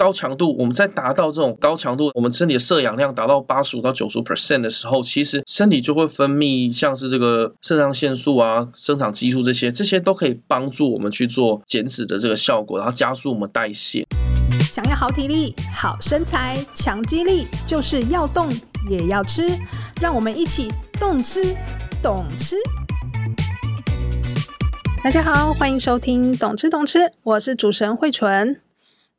高強度，我們在達到這種高強度，我們身體的攝氧量達到八十五到九十五 percent 的時候，其實身體就會分泌像是這個腎上腺素啊、生長激素這些，這些都可以幫助我們去做減脂的這個效果，然後加速我們代謝。想要好體力、好身材、強肌力，就是要動也要吃，讓我們一起動吃，懂吃。大家好，歡迎收聽動吃懂吃，我是主持人慧淳。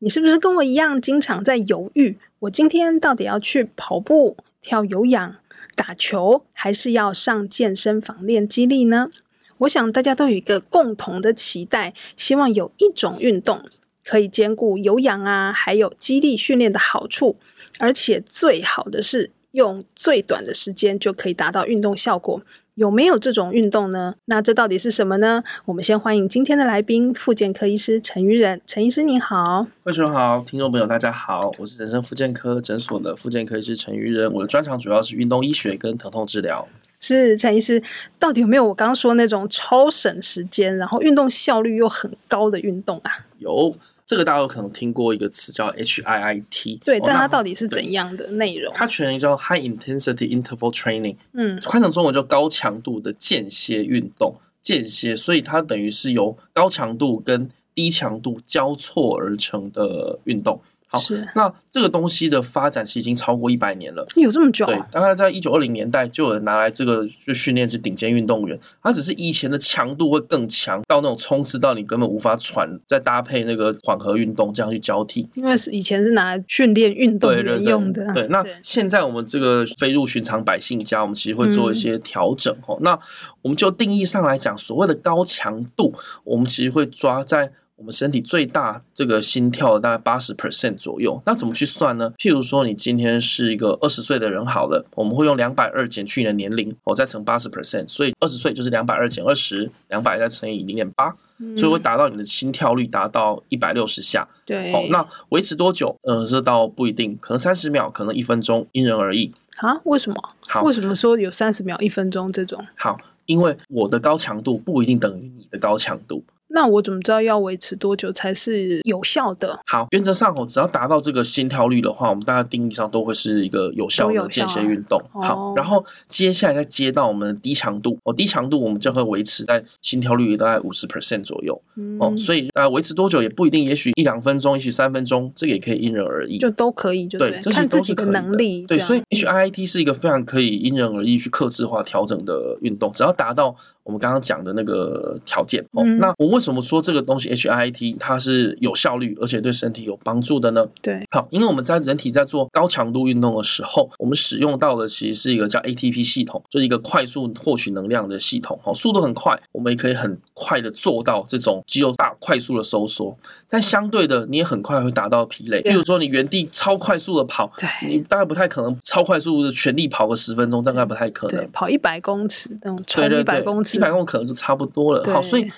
你是不是跟我一樣，經常在猶豫？我今天到底要去跑步、跳有氧、打球，還是要上健身房練肌力呢？我想大家都有一個共同的期待，希望有一種運動可以兼顧有氧啊，還有肌力訓練的好處，而且最好的是用最短的時間就可以達到運動效果。有沒有這種運動呢？那這到底是什麼呢？我們先歡迎今天的來賓，復健科醫師陳渝仁。陳醫師你好，各位觀眾好，聽眾朋友大家好，我是人生復健科診所的復健科醫師陳渝仁。我的專長主要是運動醫學跟疼痛治療。是陳醫師，到底有沒有我剛剛說的那種超省時間，然後運動效率又很高的運動啊？有。這個大家有可能聽過一個詞叫 HIIT，對，但它到底是怎樣的內容？哦，它全名叫 High Intensity Interval Training，嗯，換成中文叫高強度的間歇運動，間歇，所以它等於是由高強度跟低強度交錯而成的運動。好，是那這個東西的發展其實已經超過一百年了，有這麼久、啊？對，大概在一九二零年代就有人拿來這個就訓練是頂尖運動員，它只是以前的強度會更強，到那種衝刺到你根本無法喘，再搭配那個緩和運動這樣去交替。因為是以前是拿來訓練運動員用的、啊，對,對，那現在我們這個飛入尋常百姓家，我們其實會做一些調整哦、嗯。那我們就定義上來講，所謂的高強度，我們其實會抓在。我們身體最大，這個心跳大概八十 percent 左右，那怎麼去算呢？譬如說，你今天是一個二十歲的人好了，我們會用兩百二減去你的年齡，我、哦、再乘八十 percent，所以二十歲就是兩百二減二十，兩百再乘以零點八，所以會達到你的心跳率達到一百六十下、嗯。對，哦，那維持多久？嗯、呃，這倒不一定，可能三十秒，可能一分鐘，因人而異。啊？為什麼？好，為什麼說有三十秒、一分鐘這種？好，因為我的高強度不一定等於你的高強度。那我怎麼知道要維持多久才是有效的？好，原則上哦，只要達到這個心跳率的話，我們大家定義上都會是一個有效的間歇運動。好，哦、然後接下來再接到我們的低強度哦，低強度我們就會維持在心跳率大概五十 percent 左右、嗯、哦，所以啊，維持多久也不一定，也許一兩分鐘，也許三分鐘，這個也可以因人而異，就都可以，就對，對，這是看自己的能力。對，所以 HIIT 是一個非常可以因人而異去客製化調整的運動，只要達到。我們剛剛講的那個條件哦，嗯、那我為什麼說這個東西 HIIT 它是有效率而且對身體有幫助的呢？對，好，因為我們在人體在做高強度運動的時候，我們使用到的其實是一個叫 ATP 系統，就是一個快速獲取能量的系統哦，速度很快，我們也可以很快的做到這種肌肉大快速的收縮，但相對的你也很快會達到疲累，比對如說你原地超快速的跑，對，你大概不太可能超快速的全力跑個十分鐘，大概對不太可能，對，跑一百公尺那種，超一百公尺。可能就差不多了，好對、哦，所以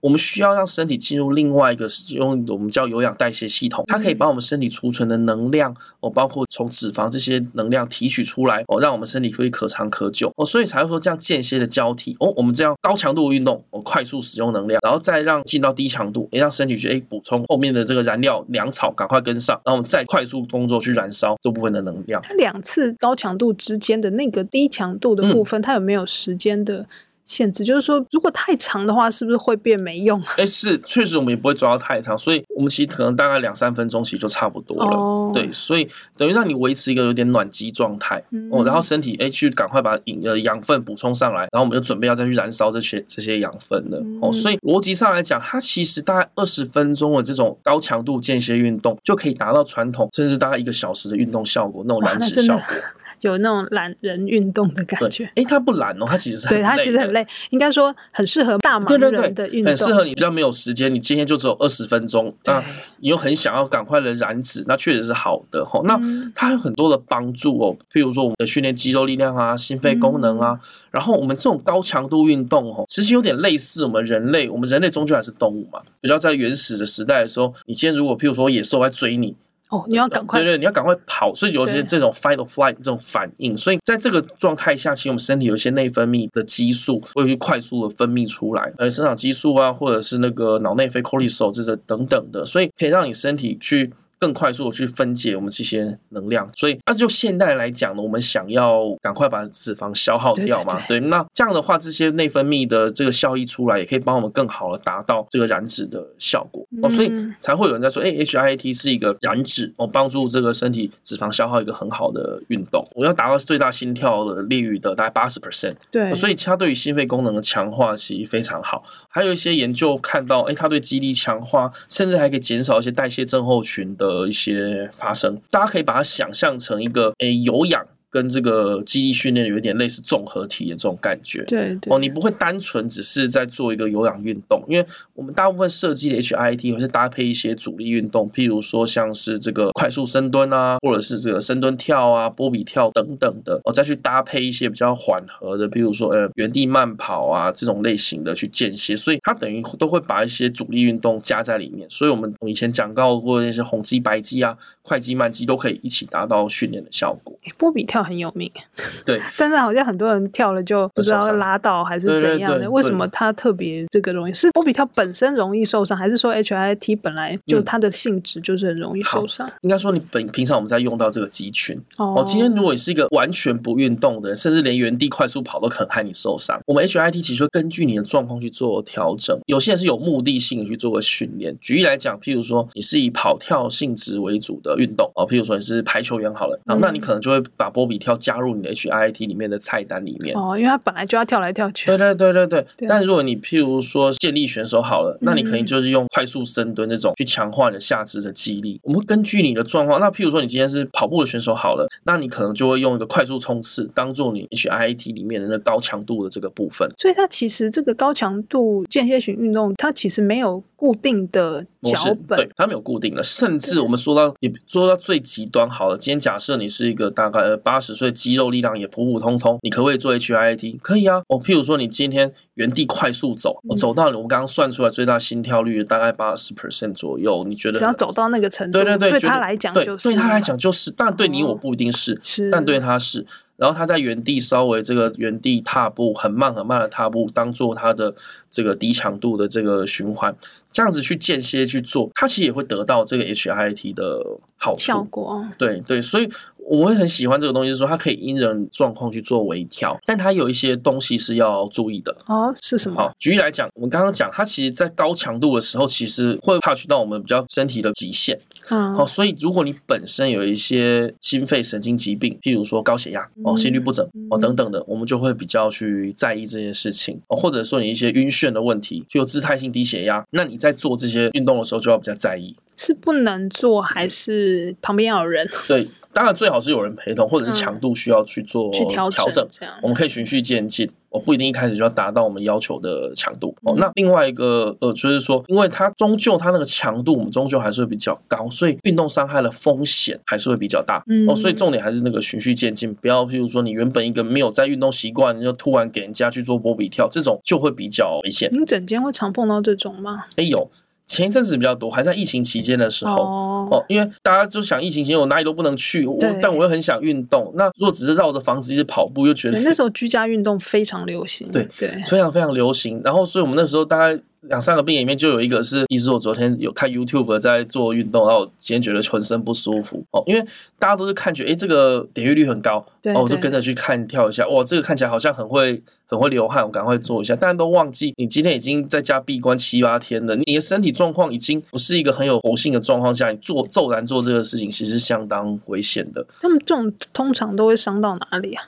我們需要讓身體進入另外一個使用我們叫有氧代謝系統，它可以把我們身體儲存的能量哦，包括從脂肪這些能量提取出來哦，讓我們身體可以可長可久哦，所以才會說這樣間歇的交替哦，我們這樣高強度的運動，我、哦、快速使用能量，然後再讓進到低強度，也讓身體去誒補充後面的這個燃料糧草，趕快跟上，然後我們再快速工作去燃燒這部分的能量。它兩次高強度之間的那個低強度的部分，嗯、它有沒有時間的？限制就是說，如果太長的話，是不是會變沒用、啊？哎、欸，是，確實我們也不會抓到太長，所以我們其實可能大概兩三分鐘其實就差不多了。Oh. 對，所以等於讓你維持一個有點暖機狀態哦，然後身體哎、欸、去趕快把養養分補充上來，然後我們就準備要再去燃燒這些這些養分了。嗯、哦，所以邏輯上來講，它其實大概二十分鐘的這種高強度間歇運動，就可以達到傳統甚至大概一個小時的運動效果，那種燃脂效果。 有那種懶人運動的感覺，誒、欸，他不懶哦，他其實對，很累，他其實很累，應該說很適合大忙人的運動，對對對，很適合你比較沒有時間，你今天就只有二十分鐘，對那你又很想要趕快的燃脂，那確實是好的哦。對那它有很多的幫助哦，譬如說我們的訓練肌肉力量啊、心肺功能啊，嗯、然後我們這種高強度運動哦，其實有點類似我們人類，我們人類終究還是動物嘛，比較在原始的時代的時候，你今天如果譬如說野獸來追你。哦，你要趕快、嗯，對對，你要趕快跑，所以有些這種 fight or flight 對這種反應，所以在這個狀態下，其實我們身體有一些內分泌的激素會去快速的分泌出來，呃，生長激素啊，或者是那個腦內啡、cortisol 之類的等等的，所以可以讓你身體去。更快速的去分解我們這些能量，所以那、啊、就現代來講呢，我們想要趕快把脂肪消耗掉嘛，對，對，對，對，那這樣的話，這些內分泌的這個效益出來，也可以幫我們更好的達到這個燃脂的效果、嗯、哦，所以才會有人在說，哎、欸，HIIT 是一個燃脂哦，幫助這個身體脂肪消耗一個很好的運動。我要達到最大心跳的利率的大概八十 percent，對、哦，所以它對於心肺功能的強化其實非常好，還有一些研究看到，哎、欸，它對肌力強化，甚至還可以減少一些代謝症候群的。呃，一些發生，大家可以把它想象成一個，誒、欸，有氧，跟這個肌力訓練有點類似綜合體的這種感覺，對，對，哦，你不會單純只是在做一個有氧運動，因為我們大部分設計的 HIIT，或是搭配一些阻力運動，譬如說像是這個快速深蹲啊，或者是這個深蹲跳啊、波比跳等等的，哦，再去搭配一些比較緩和的，譬如說呃原地慢跑啊這種類型的去間歇，所以它等於都會把一些阻力運動加在裡面，所以我們以前講到過的那些紅肌白肌啊、快肌慢肌都可以一起達到訓練的效果，欸、波比跳。跳很有名。對，但是好像很多人跳了就不知道拉倒還是怎樣的。為什麼他特別這個容易？是波比跳本身容易受傷，還是說 HIIT 本來就它的性質就是很容易受傷？嗯、應該說你本平常我們在用到這個肌群哦。今天如果你是一個完全不運動的人，甚至連原地快速跑都可能害你受傷。我們 HIIT 其實會根據你的狀況去做調整。有些人是有目的性的去做個訓練。舉例來講，譬如說你是以跑跳性質為主的運動哦，譬如說你是排球員好了，嗯、然後那你可能就會把波。比跳加入你的 HIIT 裡面的菜單裡面哦，因為它本來就要跳來跳去。對對對對對。對啊、但如果你譬如說健力選手好了，那你可能就是用快速深蹲這種去強化你的下肢的肌力。嗯、我們會根據你的狀況，那譬如說你今天是跑步的選手好了，那你可能就會用一個快速衝刺當做你 HIIT 裡面的那高強度的這個部分。所以它其實這個高強度間歇性運動，它其實沒有。固定的腳本，他們沒有固定的。甚至我們說到，對也說到最極端好了。今天假設你是一個大概八十歲，肌肉力量也普普通通，你可不可以做 HIIT？嗯、可以啊。我譬如說，你今天原地快速走，我走到你，嗯、我剛剛算出來最大心跳率大概八十 percent 左右。你覺得只要走到那個程度，對對對，對，對，對他來講，就是，對他來講就是。但對你，我不一定是，嗯、是，但對他是。然後他在原地稍微這個原地踏步，很慢很慢的踏步，當做他的這個低強度的這個循環，這樣子去間歇去做，他其實也會得到這個 HIIT 的好效果。對對，所以我會很喜歡這個東西，是說它可以因人狀況去做微調，但它有一些東西是要注意的。哦，是什麼？好，舉例來講，我們剛剛講它其實，在高強度的時候，其實會 push 到我們比較身體的極限。好、嗯哦，所以如果你本身有一些心肺神經疾病，譬如說高血壓哦、心律不整、嗯嗯、哦等等的，我們就會比較去在意這件事情哦。或者說你一些暈眩的問題，就有姿態性低血壓，那你在做這些運動的時候就要比較在意。是不能做，還是旁邊有人、嗯？對，當然最好是有人陪同，或者是強度需要去做調整、嗯、去調整，我們可以循序漸進。不一定一開始就要達到我們要求的強度哦。嗯、那另外一個呃，就是說，因為它終究它那個強度，我們終究還是會比較高，所以運動傷害的風險還是會比較大。嗯哦，所以重點還是那個循序漸進，不要譬如說你原本一個沒有在運動習慣，你就突然給人家去做波比跳，這種就會比較危險。您整間會常碰到這種嗎？哎、欸、有。前一陣子比較多，還在疫情期間的時候哦，oh. 因為大家就想疫情期間我哪裡都不能去，對我但我又很想運動。那如果只是繞着房子一直跑步，又覺得那時候居家運動非常流行，對對，對非常非常流行。然後，所以我們那時候大概。兩三個病裡面就有一個是，一直我昨天有看 YouTube 在做運動，然後我今天覺得渾身不舒服哦，因為大家都是看覺，誒、欸，這個點閱率很高，然後對哦，我就跟着去看跳一下，哇，這個看起來好像很會很會流汗，我趕快做一下。但都忘記你今天已經在家閉關七八天了，你的身體狀況已經不是一個很有活性的狀況下，你做驟然做這個事情其實是相當危險的。他們這種通常都會傷到哪裡啊？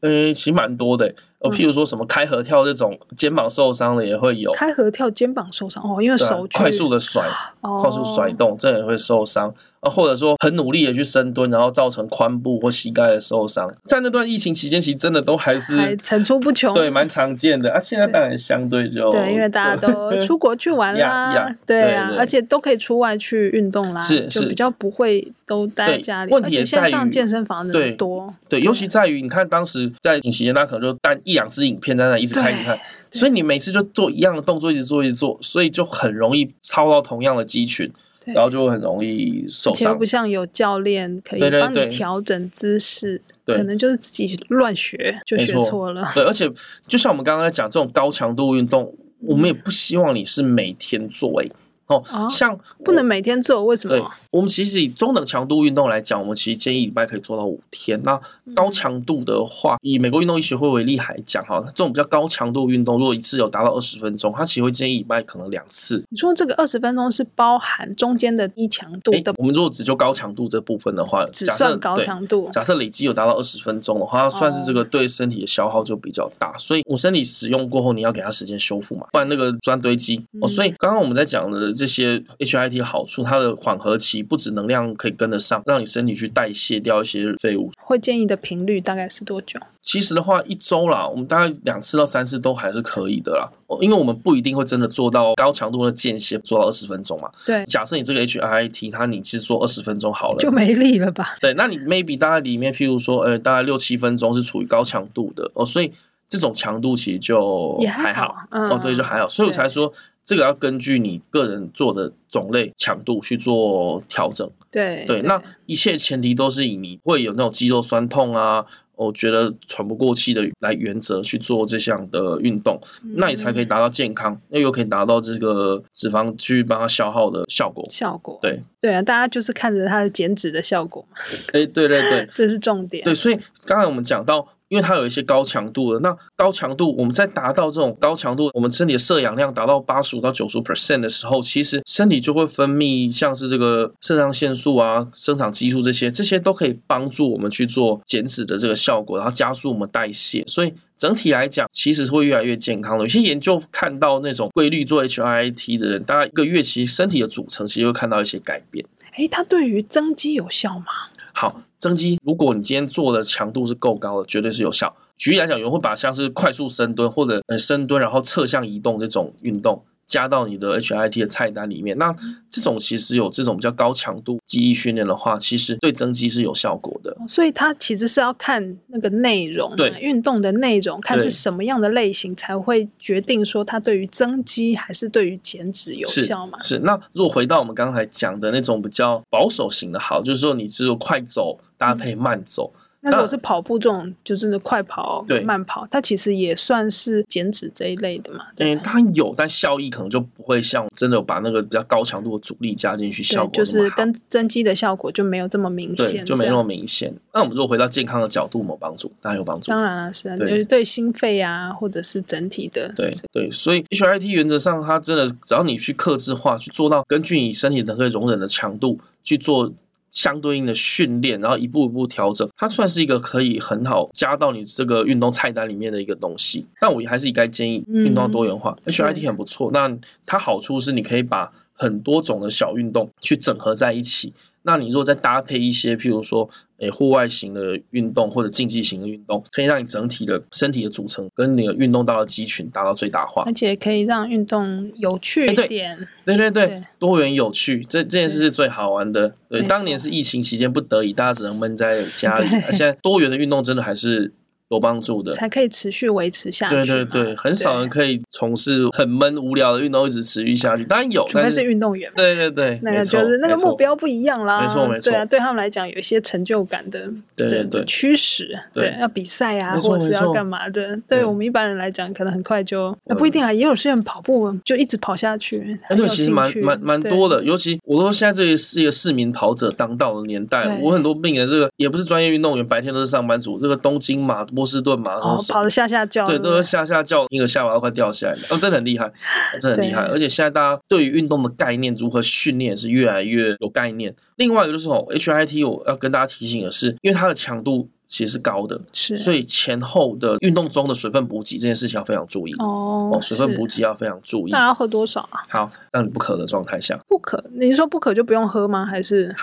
呃、欸，其實蠻多的、欸。譬如說什麼開合跳這種肩膀受傷的也會有，開合跳肩膀受傷哦，因為手、啊、快速的甩，哦、快速甩動，這也會受傷啊，或者說很努力的去深蹲，然後造成髖部或膝蓋的受傷。在那段疫情期間，其實真的都還是還層出不窮，對，蠻常見的啊，現在當然相對就對，對，因為大家都出國去玩啦， yeah, yeah. 對啊，對對，而且都可以出外去運動啦，是，是就比較不會都待在家裡。問題在於現在上健身房的多對多，對，對，尤其在於你看當時在疫情期間，那可能就單一。兩支影片在那一直開一直看，所以你每次就做一樣的動作，一直做，一直做，所以就很容易操到同樣的肌群，對然後就很容易受傷。像不像有教練可以幫你調整姿勢，對對對可能就是自己亂學就學錯了。錯對，而且就像我們剛剛在講這種高強度運動，嗯、我們也不希望你是每天做誒、欸。哦，像我不能每天做，為什麼？對，我們其實以中等強度運動來講，我們其實建議一禮拜可以做到五天。那高強度的話，嗯、以美國運動醫學會為例來講，哈，這種比較高強度運動，如果一次有達到二十分鐘，它其實會建議一禮拜可能兩次。你說這個二十分鐘是包含中間的低強度、欸、我們如果只就高強度這部分的話，只算高強度。假設累積有達到二十分鐘的話，它算是這個對身體的消耗就比較大，哦、所以我身體使用過後，你要給它時間修復嘛，不然那個酸堆積。嗯、哦，所以剛剛我們在講的。這些 HIIT 的好處，它的緩和期不止能量可以跟得上，讓你身體去代謝掉一些廢物。會建議的頻率大概是多久？其實的話，一周啦，我們大概兩次到三次都還是可以的啦。哦，因為我們不一定會真的做到高強度的間歇，做到二十分鐘嘛。對，假設你這個 HIIT，它你其實做二十分鐘好了，就沒力了吧？對，那你 maybe 大概裡面，譬如說，呃，大概六七分鐘是處於高強度的，哦，所以這種強度其實就還也還好，嗯、哦，對，就還好，所以我才說。這個要根據你個人做的種類、強度去做調整。對對，對對，那一切前提都是以你會有那種肌肉酸痛啊，我、哦、覺得喘不過氣的來原則去做這項的運動，嗯、那你才可以達到健康，又可以達到這個脂肪去幫它消耗的效果。效果。對對啊，大家就是看着它的減脂的效果嘛。哎、 欸，對對對，這是重點。對，所以剛才我們講到。因為它有一些高強度的。那高強度我們在達到這種高強度，我們身體的攝氧量達到八十五到九十 percent 的時候，其實身體就會分泌像是這個腎上腺素啊、生長激素這些，這些都可以幫助我們去做減脂的這個效果，然後加速我們代謝。所以整體來講，其實是會越來越健康的。有些研究看到那種規律做 HIIT 的人，大概一個月其實身體的組成其實會看到一些改變。哎，它對於增肌有效嗎？好。增肌，如果你今天做的強度是夠高的，絕對是有效。舉例來講，有人會把像是快速深蹲或者深蹲然後側向移動這種運動。加到你的 HIIT 的菜單裡面，那這種其實有這種比較高強度肌力訓練的話，其實對增肌是有效果的。哦、所以它其實是要看那個內容、啊，對運動的內容，看是什麼樣的類型，對才會決定說它對於增肌還是對於減脂有效嘛？是。那如果回到我們剛才講的那種比較保守型的，好，就是說你只有快走搭配慢走。嗯那如果是跑步這種，就是的快跑、慢跑，它其實也算是減脂這一類的嘛。嗯、欸，它有，但效益可能就不會像真的有把那個比較高強度的阻力加進去，效果那麼好。就是跟增肌的效果就沒有這麼明顯，就沒那麼明顯。那樣我們如果回到健康的角度，有幫助，當然有幫助。幫助當然了，是、啊、對就是對心肺啊，或者是整體的、就是。對對，所以 HIIT 原則上，它真的只要你去客製化，去做到根據你身體能夠容忍的強度去做。相對應的訓練，然後一步一步調整，它算是一個可以很好加到你這個運動菜單裡面的一個東西。但我還是應該建議運動要多元化，HIIT 很不錯。是那它好處是你可以把很多種的小運動去整合在一起。那你如果再搭配一些，譬如說，誒、欸，戶外型的運動或者競技型的運動，可以讓你整體的身體的組成跟你的運動到的肌群達到最大化，而且可以讓運動有趣一點。欸、對，對對對，對多元有趣，這這件事是最好玩的。對，對對，當年是疫情期間不得已，大家只能悶在家裡，對對對、啊。現在多元的運動真的還是。有幫助的，才可以持續維持下去。對對對，很少人可以從事很悶無聊的運動一直持續下去，當然有，全是運動員。對對對，那個就是那個目標不一樣啦。沒錯沒錯，對啊，對他們來講有一些成就感的，對對驅使，對要比賽啊，或者是要幹嘛的。對我們一般人來講，可能很快就那不一定啊，也有些人跑步就一直跑下去。而且其實蠻蠻蠻多的，尤其我都現在這個是一個市民跑者當道的年代，我很多病人這個也不是專業運動員，白天都是上班族，這個東京馬。波士頓嘛，然後跑的下下叫，對，都是下下叫，那個下巴都快掉下來了，哦，真的很厲害，真的很厲害。而且現在大家對於運動的概念，如何訓練是越來越有概念。另外一個就是 HIIT，我要跟大家提醒的是，因為它的強度其實是高的，是，所以前後的運動中的水分補給這件事情要非常注意哦，水分補給要非常注意。那要喝多少啊？好，讓你不渴的狀態下，不渴。你說不渴就不用喝嗎？還是？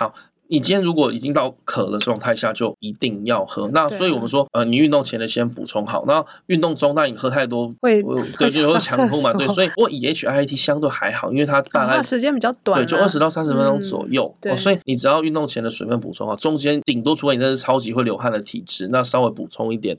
你今天如果已經到渴的狀態下，就一定要喝。那所以我們說，啊、呃，你運動前的先補充好。那運動中，那你喝太多會、呃，對，就會強迫嘛。對，說所以不過以 H I T 相對還好，因為它大概，嗯、時間比較短，啊，對，就二十到三十分鐘左右。嗯、對、哦，所以你只要運動前的水分補充好，中間頂多除非你真是超級會流汗的體質，那稍微補充一點。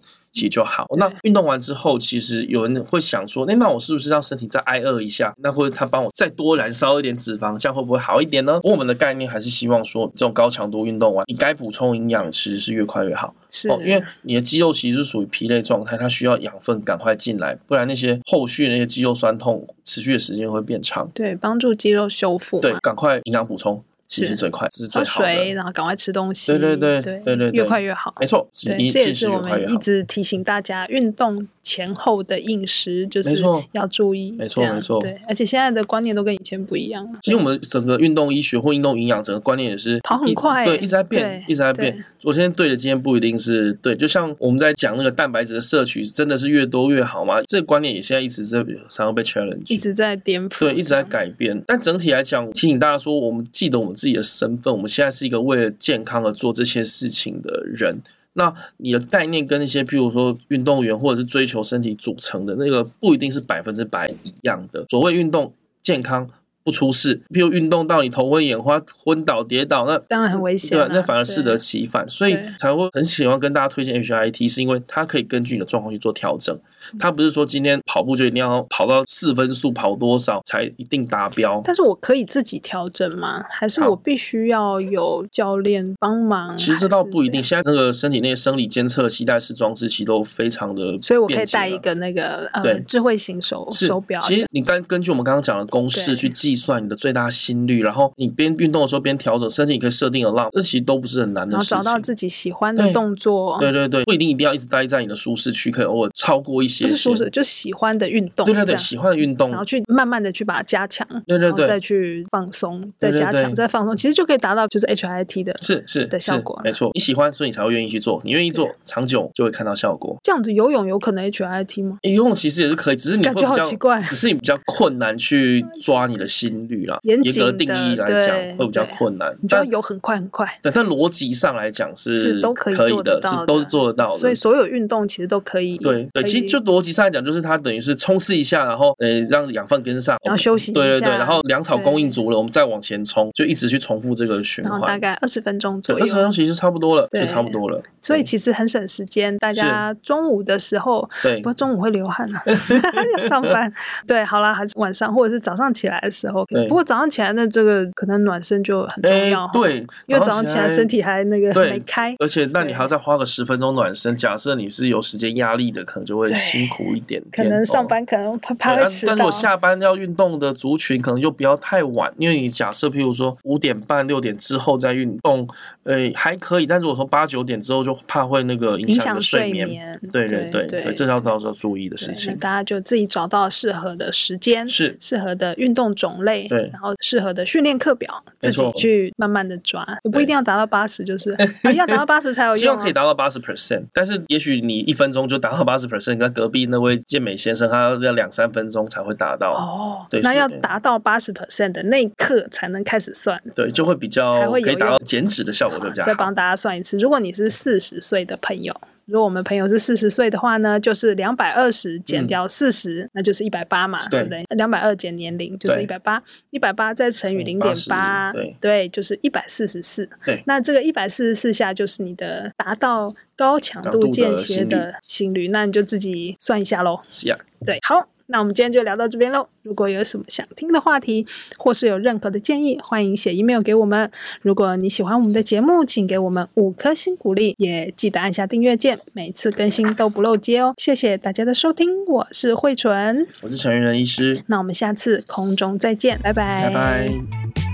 就好。對那運動完之後，其實有人會想說，那那我是不是讓身體再挨餓一下？那或者他幫我再多燃燒一點脂肪，這樣會不會好一點呢？我們的概念還是希望說，這種高強度運動完，你該補充營養，其實是越快越好。是，哦，因為你的肌肉其實是屬於疲累狀態，它需要養分趕快進來，不然那些後續那些肌肉酸痛持續的時間會變長。對，幫助肌肉修復。對，趕快營養補充。是最快，是最好的。然後趕快吃東西。對對對對對，越快越好。沒錯，這也是我們一直提醒大家，運動前後的飲食就是要注意。沒錯沒錯，對。而且現在的觀念都跟以前不一樣。其實我們整個運動醫學或運動營養整個觀念也是跑很快，對，一直在變，一直在變。昨天對的，今天不一定是對。就像我們在講那個蛋白質的攝取，真的是越多越好嗎？這個觀念也現在一直在常常被 challenge，一直在顛覆，對，一直在改變。但整體來講，提醒大家說，我們記得我們自。自己的身份，我們現在是一個為了健康而做這些事情的人。那你的概念跟那些，譬如說運動員或者是追求身體組成的那個，不一定是百分之百一樣的。所謂運動健康。不出事，譬如運動到你頭昏眼花、昏倒跌倒，那當然很危險。啊，對，那反而適得其反，對所以才會很喜歡跟大家推薦 HIIT，對是因為它可以根據你的狀況去做調整。它、嗯、不是說今天跑步就一定要跑到四分速跑多少才一定達標。但是我可以自己調整嗎？還是我必須要有教練幫忙？好其實這倒不一定。現在那個身體內生理監測的攜帶式裝置其實都非常的，所以我可以帶一個那個對呃，對智慧型手是手錶。其實你根根據我們剛剛講的公式去記。算你的最大心率，然後你邊運動的時候邊調整，甚至你可以設定的浪，這其實都不是很難的事情。然後找到自己喜歡的動作，對對對，不一定一定要一直待在你的舒適區，可以偶爾超過一些，不是舒適，就喜歡的運動。對對對，喜歡的運動，然後去慢慢的去把它加強，對對對，再去放鬆，再加強，再放鬆，其實就可以達到就是 HIIT 的是是的效果，沒錯。你喜歡，所以你才會願意去做，你願意做，長久就會看到效果。這樣子游泳有可能 HIIT 嗎？游泳其實也是可以，只是你感覺好奇怪，只是你比較困難去抓你的心。心率啦，嚴格的定義來講會比較困難。你就要有很快很快。對，但邏輯上來講是都可以的，是都是做得到的。所以所有運動其實都可以。對對，其實就邏輯上來講，就是它等於是衝刺一下，然後呃讓養分跟上，然後休息一下。對對對，然後糧草供應足了，我們再往前衝，就一直去重複這個循環，大概二十分鐘左右，二十分鐘其實差不多了，就差不多了。所以其實很省時間，大家中午的時候，對，不過中午會流汗啊，要上班。對，好了，還是晚上或者是早上起來的時候。OK。不過早上起來那這個可能暖身就很重要，對，因為早上起來身體還那個還沒開。而且，那你還要再花個十分鐘暖身。假設你是有時間壓力的，可能就會辛苦一點。可能上班可能怕怕遲到。但我下班要運動的族群，可能就不要太晚，因為你假設，譬如說五點半、六點之後再運動，呃，還可以。但如果從八九點之後，就怕會那個影響睡眠。對對對，這要到時候注意的事情。大家就自己找到適合的時間，是適合的運動種類。類，對然後適合的訓練課表，自己去慢慢的抓，也錯不一定要達到八十，就是對、 啊、要達到八十才有、啊、希望可以達到八十 percent，但是也許你一分鐘就達到八十 percent，跟隔壁那位健美先生他要兩三分鐘才會達到哦，對，那要達到八十 percent 的那一刻才能開始算，對，就會比較可以達到減脂的效果就這樣。再幫大家算一次，如果你是四十歲的朋友。如果我們朋友是四十歲的話呢，就是兩百二十減掉四十，嗯，那就是一百八嘛，對，對不對？兩百二減年齡就是一百八，一百八再乘以零點八，80，對，對，就是一百四十四。那這個一百四十四下就是你的達到高強度間歇的心率，那你就自己算一下嘍。Yeah. 對，好。那我們今天就聊到這邊嘍。如果有什麼想聽的話題，或是有任何的建議，歡迎寫 email 給我們。如果你喜歡我們的節目，請給我們五顆星鼓勵，也記得按下訂閱鍵，每次更新都不漏接哦。謝謝大家的收聽，我是慧淳，我是陳渝仁醫師。那我們下次空中再見，拜拜。拜拜